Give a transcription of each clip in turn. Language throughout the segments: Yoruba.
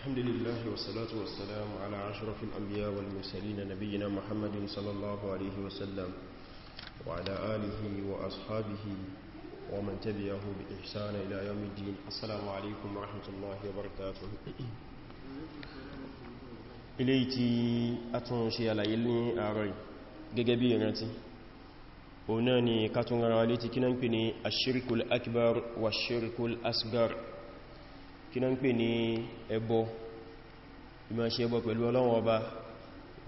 الحمد لله والصلاة والسلام على عشرف الأنبياء والمرسلين نبينا محمد صلى الله عليه وسلم وعلى آله وأصحابه ومن تبعه بإحسان إلى يوم الدين السلام عليكم ورحمة الله وبركاته إليتي أتنشي على tún ṣe àlàyé ní àárọ̀ gẹ́gẹ́ bí ìrántí òun náà ni ká tún rárá létí kí kí náà ń pè ní ẹbọ ìmọ̀ ṣe ẹbọ pẹ̀lú Ọlọ́run ọba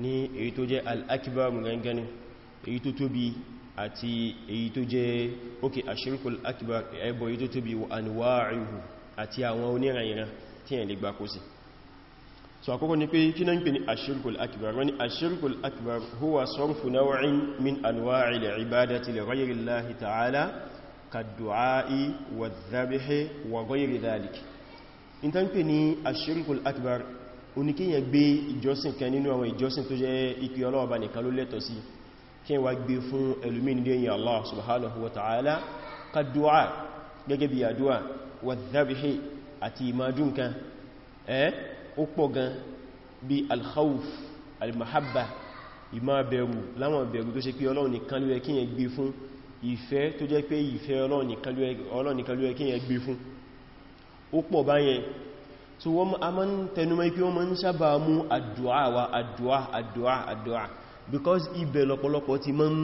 ní èyí tó jẹ́ al-akbaru gangani èyí tó tóbi àti èyí tó jẹ́ òkè ashirkul akbar ẹbọ èyí tó tóbi wa anwa'uhu àti àwọn onírànìyàn tí ẹ̀ lè gbà kó sí so àkọ́kọ́ ni pé kí náà ghayri Allahi in ta ń pè ní ashirikul akbar oníkíyàn gbé ìjọsìn kan nínú àwọn ìjọsìn tó jẹ́ ìpí ọlọ́ọ̀bá nìkan ló lẹ́tọ̀ sí kí wá gbé fún ẹlùmín lẹ́yìn Allah subhanahu wa ta'ala kadu'a gẹ́gẹ́ bí ìfẹ́ tó jẹ́ pé ìfẹ́ Ọlọ́run nìkan ló gbé fún ó pọ̀ báyẹn so wọ́n a ma ń tẹnumọ́ ipé wọ́n ma ń sábà mú àdúà wa àdúà àdúà àdúà because ibẹ̀ lọ́pọ̀lọpọ̀ ti ma ń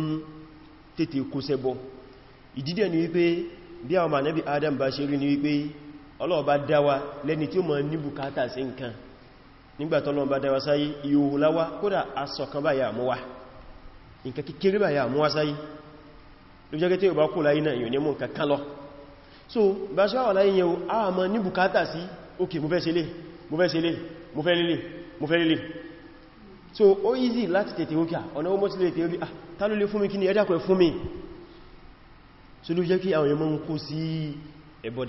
tètè kó sẹ́bọ̀ ìdídẹ̀ ni wípé bí àwọn mànẹ́bí Adam bá ṣe rí ni wípé Ọlọ́run bá dá wa lẹ́ni tí ó ma ní bùkátà sí nǹkan nígbà tí Ọlọ́run bá dá wa sáyé ìhòhò láwá kódà so Bashar Al-Aini yẹn a ma ní bùkátà sí okay mo fẹ́ ṣe lè mo fẹ́ ṣe lè mo fẹ́ lè mo fẹ́ lè so ó easy láti tètè ó kíà ah, ọ̀nà ó mọ́sílẹ̀ tètè rí ah ta ló lè fún mi kí ni ẹjá pẹ̀ fún mi so ló jẹ́ kí àwọn èèyàn mọ́ ń kó sí ẹbọ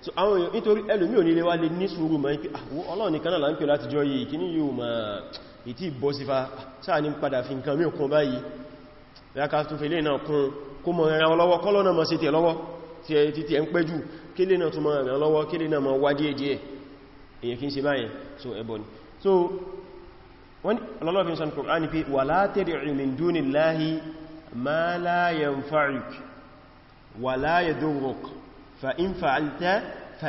so àwọn èèyàn nítorí ẹlòmí ò nílé wá lè ní sùúrù ma ń pè àwọn Ọlọ́run nìkan náà là ń pè láti jọ yìí kí ní yóò ma ìtì bọ́ sífà sáà ah, ní padà fi nǹkan mí òkun báyìí rákà tó fẹ́lẹ́ náà kún kó mọ̀ ẹran tí ẹ títí ẹ ń pẹ́ jù kí lè náà tó máa ràn lọ́wọ́ kí lè náà máa wá díẹ̀ díẹ̀ èyàn kí ń ṣe báyẹn so ẹbọ ni so wọ́n lọ́lọ́fin sọ́nà Qur'an ni pé wala tad'u min dunillahi ma la yanfa'uk wala yadurruk fa in fa'alta fa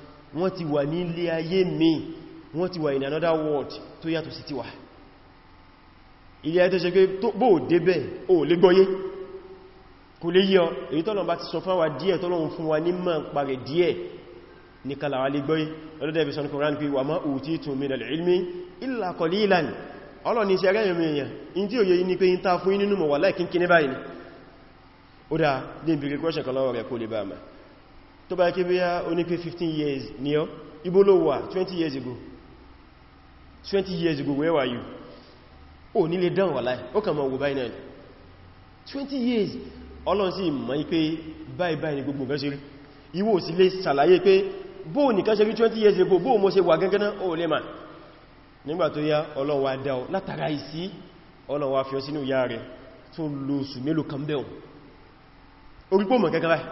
wọ́n ti wà ní ilé ayé mi wọ́n ti wà in another world tó yàtọ̀ sí tiwa ilé ayé tó ṣe pé bó débẹ̀ ó lè gbọ́yé kò lè yíọ èyí tọ́lọ̀ bá ti sọ fún wa díẹ̀ tọ́lọ̀ fún wa ní mọ̀ parẹ̀ díẹ̀ ní kalawa lè gbọ́yé ọlọ́dẹ̀ ibi sọ ní Kùránì pé wa ma utitum minal ilmi ni iṣẹ́ rẹ̀yìn èèyàn in tí tó bá kí bíyá ó ní 15 years ní ọ́ ibo ló wà 20 years ago 20 years ago where were you ó nílé dán wà láì ó kà mọ̀ wò báyìí náà 20 years ọlọ́n sí mọ̀ pé báyìí báyìí ni gbogbo gẹ́ṣẹ́rí ìwọ sì lè ṣàlàyé pé bó nìkan ṣe rí 20 years ago bó mo ṣe wà gẹ́gẹ́ náà ó lè mà nígbà tó yá ọlọ́run wá dá ọ látara ìsí ọlọ́run wá fi ọ sínú ìyá rẹ̀ tó lóṣù mélòó kan bẹ́ẹ̀ orí pò mọ̀ kẹ́kẹ́ báyìí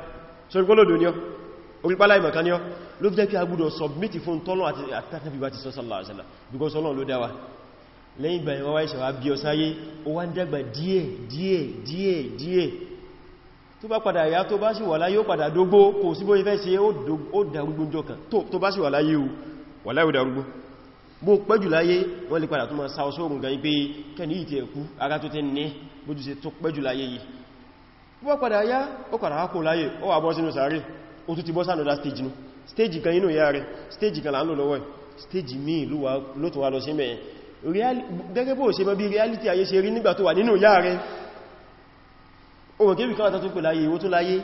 sọ ìpọ́lọ̀dọ̀ ni ọ orípálá ìmọ̀kaníọ́ ló jẹ́ kí a gbúdọ̀ submit fún tọ́lọ́ àti àtàkàbí bá ti sọ sallallahu alaihi wasallam because Ọlọ́run ló dá wa lẹ́yìn ìgbà ìwọ́wá ìṣẹ̀wà bí ọ sáyé ó wá ń dàgbà díẹ̀ díẹ̀ díẹ̀ díẹ̀ tó bá padà yá tó bá sì wà láyé ó padà dógbó kò sí bó ifẹ́ ṣe ó darúgbó jọ kan tó bá sì wà láyé ó wà láyé ó darúgbó bó pẹ́jù láyé wọ́n lè padà tó máa ó tún ti bọ́ sánàdá stage ní stage kan inú ya rẹ̀ stage kan láàánú lọ́wọ́ stage mi ló tó wá lọ sí mẹ́ gẹ́gẹ́ bó ṣe mọ́ bí reality ayé ṣe rí nígbà tó wà nínú ya rẹ̀ ohun kébì kan àtàtún pè láyé owó tó láyé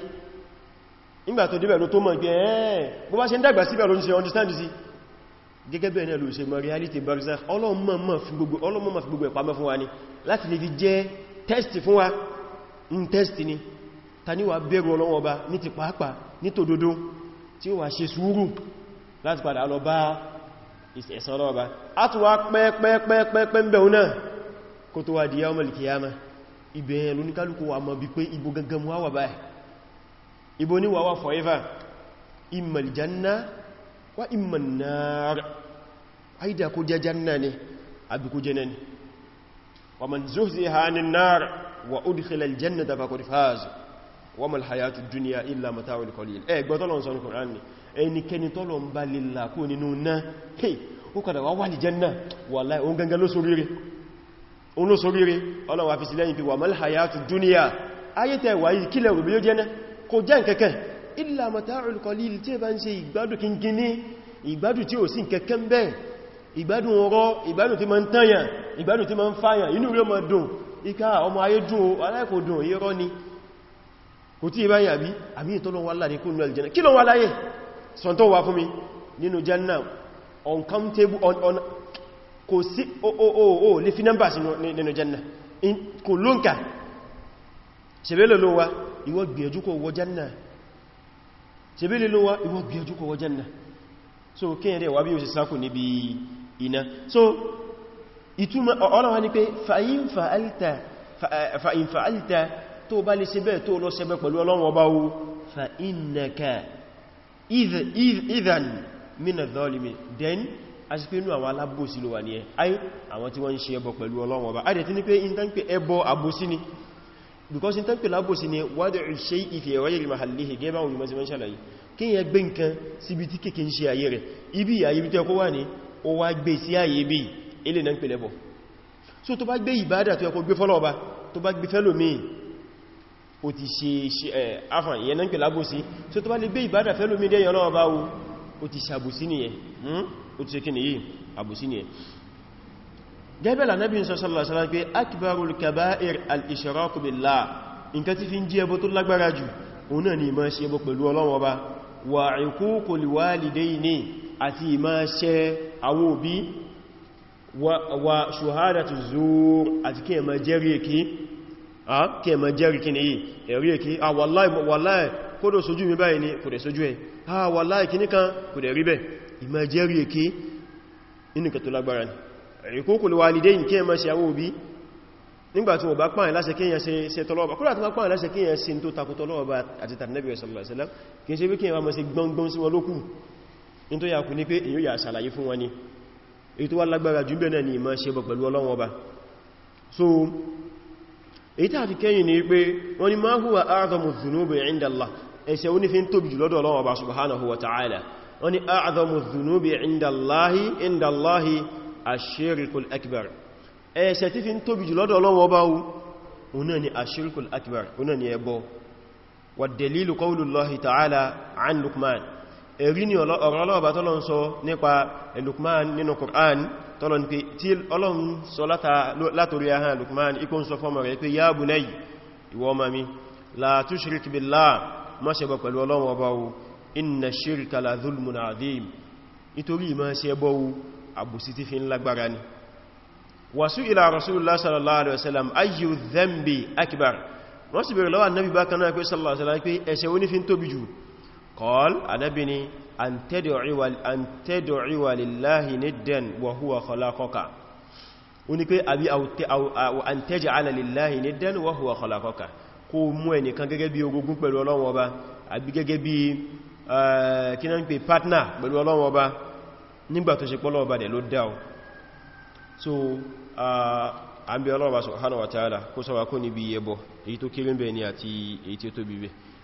nígbà tó débẹ̀ ló tó mọ̀ pé ẹ́ẹ̀ bó bá ṣe ń dàgbà síbẹ̀ ló ń ṣe understand sí gẹ́gẹ́ bẹ́ẹ̀ náà ló ṣe mọ́ reality barzakh ọlọ́mọ̀ fi gbogbo ẹ̀pàmọ́ fún wa ni láti lè fi jẹ́ test fún wa ń test ni ta ní wà bẹ̀rù ọlọ́wọ́ ọba ní ti pàápàá nítòdodo tí ó wà ṣe sùúrù láti padà lọ bá ẹ̀san ọlọ́ọ̀bá a tó wá pẹ́pẹ́pẹ́pẹ́ ń bẹ̀rún náà kó tó wà di yawm al-qiyamah ibẹ̀yẹn lóníkálùkù wà mọ̀ bí pé ibo gangan wà wà báyìí forever imma al-janna wa imma an-nar aida kó jẹ́ janna ne àbí kó jẹ́ náà ni wa man zuhziha wa mal hayatu dunya illa mata'ul qalil ẹ gbọ́ tọ́lọ̀ sọ ní Qur'an ni ẹnikẹ́ni tọ́lọ̀ ń bá lílà kó nínú náà hé ó kàdà wá wà ní janna wallahi òun gangan ló soríire òun ló soríire ọlọ́wà fi sí lẹ́yìn pé wa mal hayatu dunya ayé tẹ́ wà yìí kílẹ̀ òbí ló jẹ́ náà kò jẹ́ nkẹ́kẹ́ illa mata'ul qalil tí ìgbádùn tí ma ń fàyàn inú rí ọmọ dùn ìka ọmọ ayé dùn aláìkò dùn irọ́ ni kò tí ìbáyìí àbí àbí ìtọ́lọ́wọ́ Allah ní kúrò aljanna kí ló wà láyé sọ́ntọ́ wà fún mi nínú janna uncountable on kò sí ooo lè fi nọ́mbà sí nínú janna kò lóǹkà ṣebélè ló wá ìwọ gbìyànjú kó wọ janna ṣebélè ló wá ìwọ gbìyànjú kó wọ janna so kíyàn dẹ̀ wà bí o sì sákò níbi iná so ìtumọ̀ ọlọ́wà ní pé fa'in fa'alta fa'in fa'alta tó bá lè ṣe bẹ́ẹ̀ tó lọ ṣẹbẹ́ pẹ̀lú ọlọ́run ọba o fa innaka idhan min adh-dhalimin then a sì pé inú àwọn alábòsí ló wà ní ẹ ayé àwọn tí wọ́n ń ṣe ẹbọ pẹ̀lú ọlọ́run ọba because in tán pé lábòsí ni wad'u shay'i fi ghayri mahallihi gẹ́bà òyìnbó sí wọ́n ṣàlàyé kí yẹn gbé nǹkan síbi tí kèkè ń ṣe ayé rẹ̀ ibi ilé náà ń so tó bá gbé ìbádà tó yẹ kó gbé fọ́lọ́ ọba tó bá gbé fẹ́lòmíì ó ti ṣe afàn ìyẹn náà ń pè lágbòsí tó tó bá lè gbé ìbádà fẹ́lómi dẹ́yàn náà bá wo ó ti ṣàbòsí nìyẹn ó hmm? ti ṣe kí nìyí àbòsí nìyẹn gẹ́bẹ̀lá Ànábì sallallahu alaihi wasallam pé akbarul kaba'ir al-ishraku billah nǹkan tí fi ń jẹ́ ẹbọ tó lágbára jù òun náà ni ìmọ̀ ṣe ẹbọ pẹ̀lú Ọlọ́run Ọba wa uququl walidayni àti ìmọ̀ ṣe àwọn òbí wa shuhadatu zur àti kí ẹ̀mọ̀ jẹ́rìí èkìí kí ẹmọ jẹ́rì kí ni yìí ẹ̀rí èkí àwọ̀láì kódò sójú mi báyìí ni kò dẹ̀ sójú ẹ̀ àwọ̀láì kí níkan kò dẹ̀ rí bẹ̀ ìmọ̀ jẹ́rì èkí inú kẹtò lágbára ni ìkókò lè wà ní déyìn kí ẹmọ sí àwọn òbí nígbàtí wọ́n bá pààyàn láṣẹ kíyàn ṣe tọ́lọ́ọ̀bá kúrò àti wọ́n pààyàn láṣẹ kíyàn ṣe tó takò tọ́lọ́ọ̀bá àti tàbí ẹ̀sọ̀lọ́sẹ̀lá kí n ṣe bí kíyàn wá mọ́ sí gbọ́ngbọ́n sí wọn lókù ni èyí tó wá lágbára jù so èyí tí a ti kẹ́yìn ni pé wọ́n ni máa huwa a'zamu dhunubi 'inda Allah ẹ̀ṣẹ̀ onífin tóbi jù lọ́dọ̀ Ọlọ́run Ọba subhanahu wa ta'ala wọ́n ni a'zamu dhunubi 'inda Allahi 'inda Allahi ash-shirkul akbar ẹ̀ṣẹ̀ tí fi ń tóbi jù lọ́dọ̀ Ọlọ́run Ọba òun náà ni ash-shirkul akbar ta'ala 'an ni ọ̀rọ̀ Ọlọ́run Ọba tọ́lọ̀ ní pé tí ọlọ́run sọ látorí ahán Lukman ikon sọ fọ́mọ̀ rẹ̀ pé ya bunayya ìwọ ọmọ mi la tushrik billah má ṣe bọ pẹ̀lú ọlọ́run ọba o inna shirka la zulmun adhim nítorí má ṣe bọ o àbùsí tí fi ń lágbára ni wa su'ila rasulullah sallallahu alaihi wasallam ayyu dhanbi akbar wọ́n sì bèèrè lọ́wọ́ annabi bákan قال adabini an tẹ́dọ̀rí wà lillahi niddan wa huwa khalaqaka o ní pé àbí an tẹ́jẹ̀ ala lillahi niddan wa huwa khalaqaka kó mú ẹnìkan gẹ́gẹ́ bí ogógún pẹ̀lú Ọlọ́run Ọba àbí gẹ́gẹ́ bí partner pẹ̀lú Ọlọ́run Ọba nígbà tó ṣe pọ́lọ́ ọba dẹ̀ ló dá o so àbí Ọlọ́run Ọba subhanahu wa ta'ala kó sọ wá kó níbi ẹbọ èyí tó kéré ń bẹ̀ ni àti èyí tí ó tóbi bẹ̀